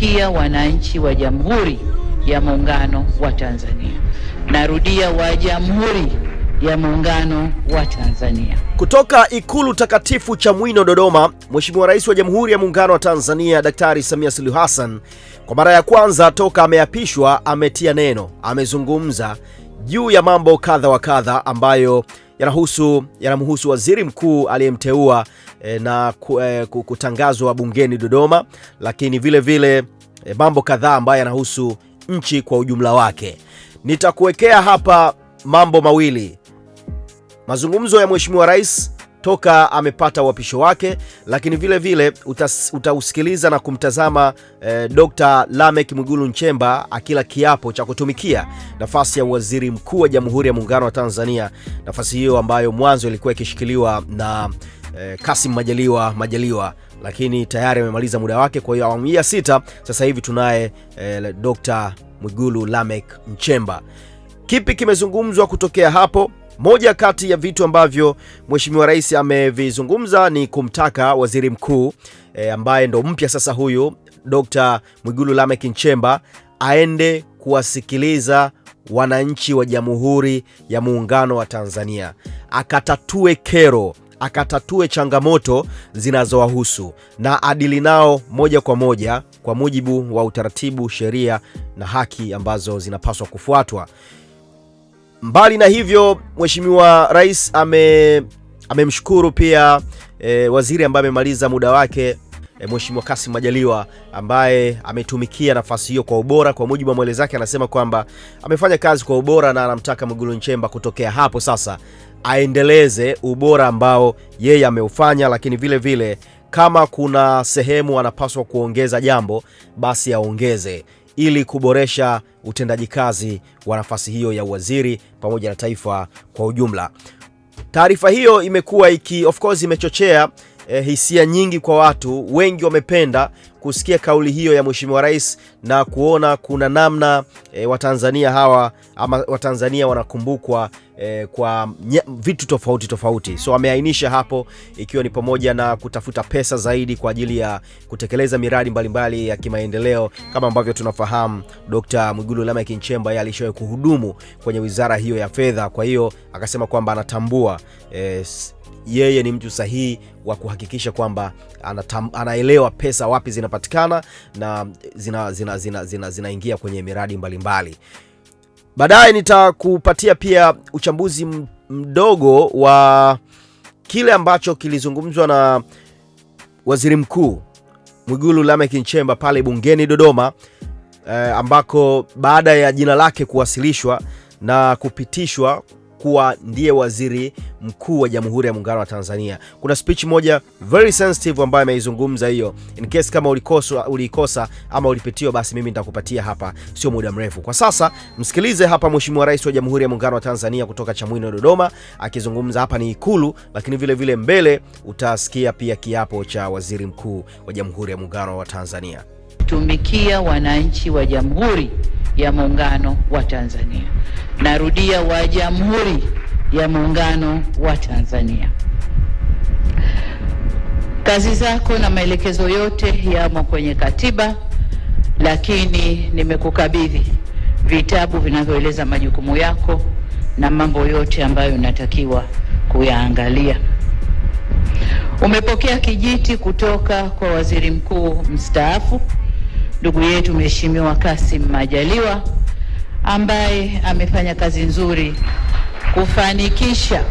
kuwatumikia wananchi wa Jamhuri ya Muungano wa Tanzania. Narudia, wa Jamhuri ya Muungano wa Tanzania. Kutoka Ikulu Takatifu Chamwino, Dodoma, Mheshimiwa Rais wa Jamhuri ya Muungano wa Tanzania Daktari Samia Suluhu Hassan kwa mara ya kwanza toka ameapishwa ametia neno, amezungumza juu ya mambo kadha wa kadha ambayo yanahusu yanamhusu waziri mkuu aliyemteua e, na ku, e, kutangazwa bungeni Dodoma, lakini vile vile e, mambo kadhaa ambayo yanahusu nchi kwa ujumla wake. Nitakuwekea hapa mambo mawili: mazungumzo ya Mheshimiwa Rais toka amepata uhapisho wake, lakini vile vile utausikiliza na kumtazama e, eh, Dr. Lamek Mwigulu Nchemba akila kiapo cha kutumikia nafasi ya waziri mkuu wa Jamhuri ya Muungano wa Tanzania, nafasi hiyo ambayo mwanzo ilikuwa ikishikiliwa na e, eh, Kasim Majaliwa Majaliwa lakini tayari amemaliza muda wake. Kwa hiyo awamu ya sita sasa hivi tunaye eh, Dr. Mwigulu Lamek Nchemba. Kipi kimezungumzwa kutokea hapo? Moja kati ya vitu ambavyo Mheshimiwa Rais amevizungumza ni kumtaka Waziri Mkuu e, ambaye ndo mpya sasa huyu Dkt. Mwigulu Lameck Nchemba aende kuwasikiliza wananchi wa Jamhuri ya Muungano wa Tanzania, akatatue kero, akatatue changamoto zinazowahusu na adili nao moja kwa moja kwa mujibu wa utaratibu, sheria na haki ambazo zinapaswa kufuatwa. Mbali na hivyo, Mheshimiwa Rais ame amemshukuru pia e, waziri ambaye amemaliza muda wake e, Mheshimiwa Kassim Majaliwa ambaye ametumikia nafasi hiyo kwa ubora. Kwa mujibu wa maelezo yake, anasema kwamba amefanya kazi kwa ubora na anamtaka Mwigulu Nchemba kutokea hapo sasa aendeleze ubora ambao yeye ameufanya, lakini vile vile kama kuna sehemu anapaswa kuongeza jambo basi aongeze ili kuboresha utendaji kazi wa nafasi hiyo ya uwaziri pamoja na taifa kwa ujumla. Taarifa hiyo imekuwa iki, of course imechochea eh, hisia nyingi kwa watu wengi. Wamependa kusikia kauli hiyo ya Mheshimiwa Rais na kuona kuna namna eh, Watanzania hawa ama Watanzania wanakumbukwa eh, kwa nye, vitu tofauti tofauti. So ameainisha hapo ikiwa ni pamoja na kutafuta pesa zaidi kwa ajili ya kutekeleza miradi mbalimbali mbali ya kimaendeleo. Kama ambavyo tunafahamu, Dkt. Mwigulu Lameck Nchemba yeye alishawahi kuhudumu kwenye wizara hiyo ya fedha, kwa hiyo akasema kwamba anatambua eh, yeye ni mtu sahihi wa kuhakikisha kwamba anaelewa pesa wapi zinapatikana na zinaingia zina, zina, zina, zina kwenye miradi mbalimbali mbali. Baadaye nitakupatia pia uchambuzi mdogo wa kile ambacho kilizungumzwa na Waziri Mkuu Mwigulu Lameck Nchemba pale bungeni Dodoma, eh, ambako baada ya jina lake kuwasilishwa na kupitishwa kuwa ndiye waziri mkuu wa Jamhuri ya Muungano wa Tanzania. Kuna speech moja very sensitive ambayo ameizungumza hiyo. In case kama ulikosa, ulikosa ama ulipitiwa, basi mimi nitakupatia hapa, sio muda mrefu. Kwa sasa msikilize hapa Mheshimiwa Rais wa Jamhuri ya Muungano wa Tanzania kutoka Chamwino, Dodoma, akizungumza hapa ni Ikulu, lakini vile vile mbele utasikia pia kiapo cha waziri mkuu wa Jamhuri ya Muungano wa Tanzania. Tumikia wananchi wa Jamhuri ya Muungano wa Tanzania narudia, wa Jamhuri ya Muungano wa Tanzania. Kazi zako na maelekezo yote yamo kwenye katiba, lakini nimekukabidhi vitabu vinavyoeleza majukumu yako na mambo yote ambayo unatakiwa kuyaangalia. Umepokea kijiti kutoka kwa Waziri Mkuu mstaafu ndugu yetu Mheshimiwa Kassim Majaliwa ambaye amefanya kazi nzuri kufanikisha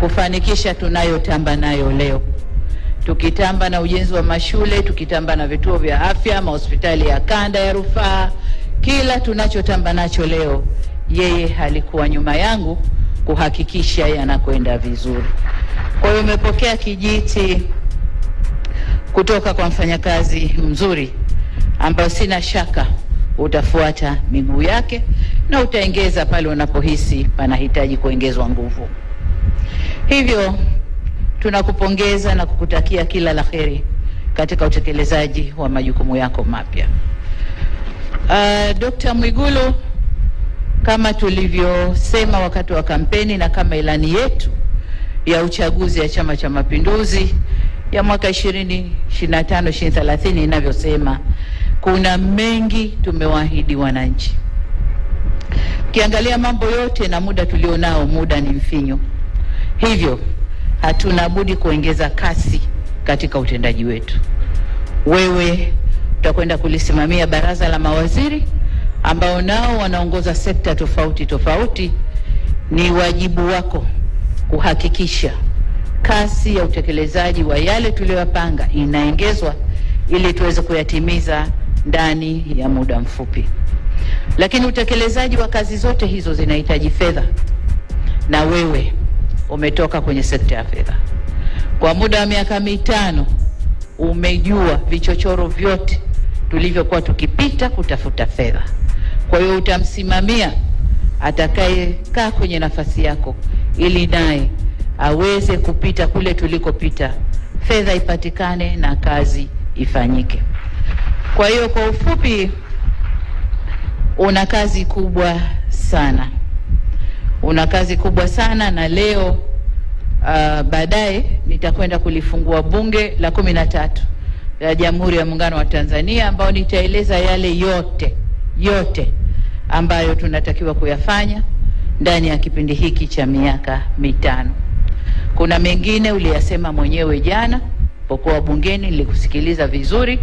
kufanikisha tunayotamba nayo leo, tukitamba na ujenzi wa mashule, tukitamba na vituo vya afya, mahospitali ya kanda ya rufaa, kila tunachotamba nacho leo, yeye alikuwa nyuma yangu kuhakikisha yanakwenda vizuri. Kwa hiyo umepokea kijiti kutoka kwa mfanyakazi mzuri ambayo sina shaka utafuata miguu yake na utaongeza pale unapohisi panahitaji kuongezwa nguvu. Hivyo tunakupongeza na kukutakia kila la heri katika utekelezaji wa majukumu yako mapya. Uh, Dr. Mwigulu, kama tulivyosema wakati wa kampeni na kama ilani yetu ya uchaguzi ya Chama cha Mapinduzi ya mwaka 2025 2030 inavyosema kuna mengi tumewaahidi wananchi. Ukiangalia mambo yote na muda tulionao, muda ni mfinyo, hivyo hatuna budi kuongeza kasi katika utendaji wetu. Wewe utakwenda kulisimamia baraza la mawaziri ambao nao wanaongoza sekta tofauti tofauti. Ni wajibu wako kuhakikisha kasi ya utekelezaji wa yale tuliyopanga inaongezwa ili tuweze kuyatimiza ndani ya muda mfupi. Lakini utekelezaji wa kazi zote hizo zinahitaji fedha, na wewe umetoka kwenye sekta ya fedha. Kwa muda wa miaka mitano umejua vichochoro vyote tulivyokuwa tukipita kutafuta fedha. Kwa hiyo utamsimamia atakayekaa kwenye nafasi yako, ili naye aweze kupita kule tulikopita, fedha ipatikane na kazi ifanyike. Kwa hiyo kwa ufupi, una kazi kubwa sana, una kazi kubwa sana na leo uh, baadaye nitakwenda kulifungua bunge la kumi na tatu la Jamhuri ya Muungano wa Tanzania, ambayo nitaeleza yale yote yote ambayo tunatakiwa kuyafanya ndani ya kipindi hiki cha miaka mitano. Kuna mengine uliyasema mwenyewe jana pokuwa bungeni, nilikusikiliza vizuri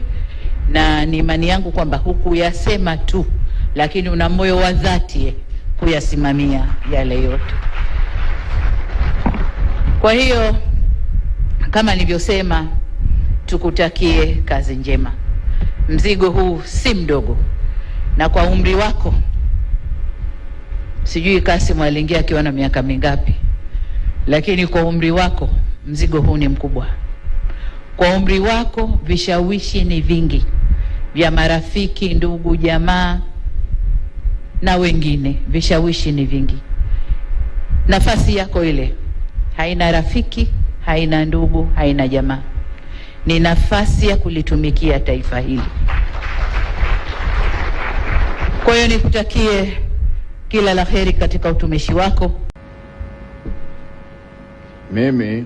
na ni imani yangu kwamba hukuyasema tu, lakini una moyo wa dhati kuyasimamia yale yote. Kwa hiyo kama nilivyosema, tukutakie kazi njema. Mzigo huu si mdogo, na kwa umri wako, sijui Kassim aliingia akiwa na miaka mingapi, lakini kwa umri wako mzigo huu ni mkubwa. Kwa umri wako vishawishi ni vingi vya marafiki, ndugu, jamaa na wengine, vishawishi ni vingi. Nafasi yako ile haina rafiki, haina ndugu, haina jamaa, ni nafasi ya kulitumikia taifa hili. Kwa hiyo nikutakie kila la heri katika utumishi wako. Mimi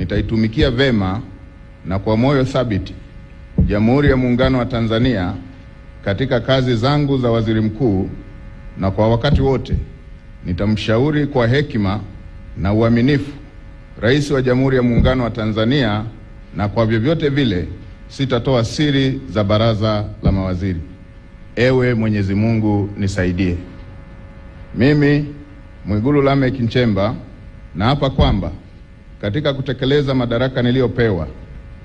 nitaitumikia vema na kwa moyo thabiti Jamhuri ya Muungano wa Tanzania katika kazi zangu za waziri mkuu, na kwa wakati wote nitamshauri kwa hekima na uaminifu Rais wa Jamhuri ya Muungano wa Tanzania, na kwa vyovyote vile sitatoa siri za baraza la mawaziri. Ewe Mwenyezi Mungu nisaidie. Mimi Mwigulu Lameck Nchemba naapa kwamba katika kutekeleza madaraka niliyopewa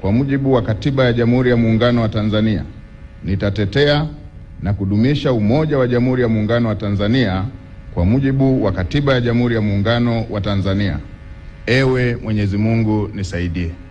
kwa mujibu wa Katiba ya Jamhuri ya Muungano wa Tanzania, nitatetea na kudumisha umoja wa Jamhuri ya Muungano wa Tanzania kwa mujibu wa Katiba ya Jamhuri ya Muungano wa Tanzania. Ewe Mwenyezi Mungu nisaidie.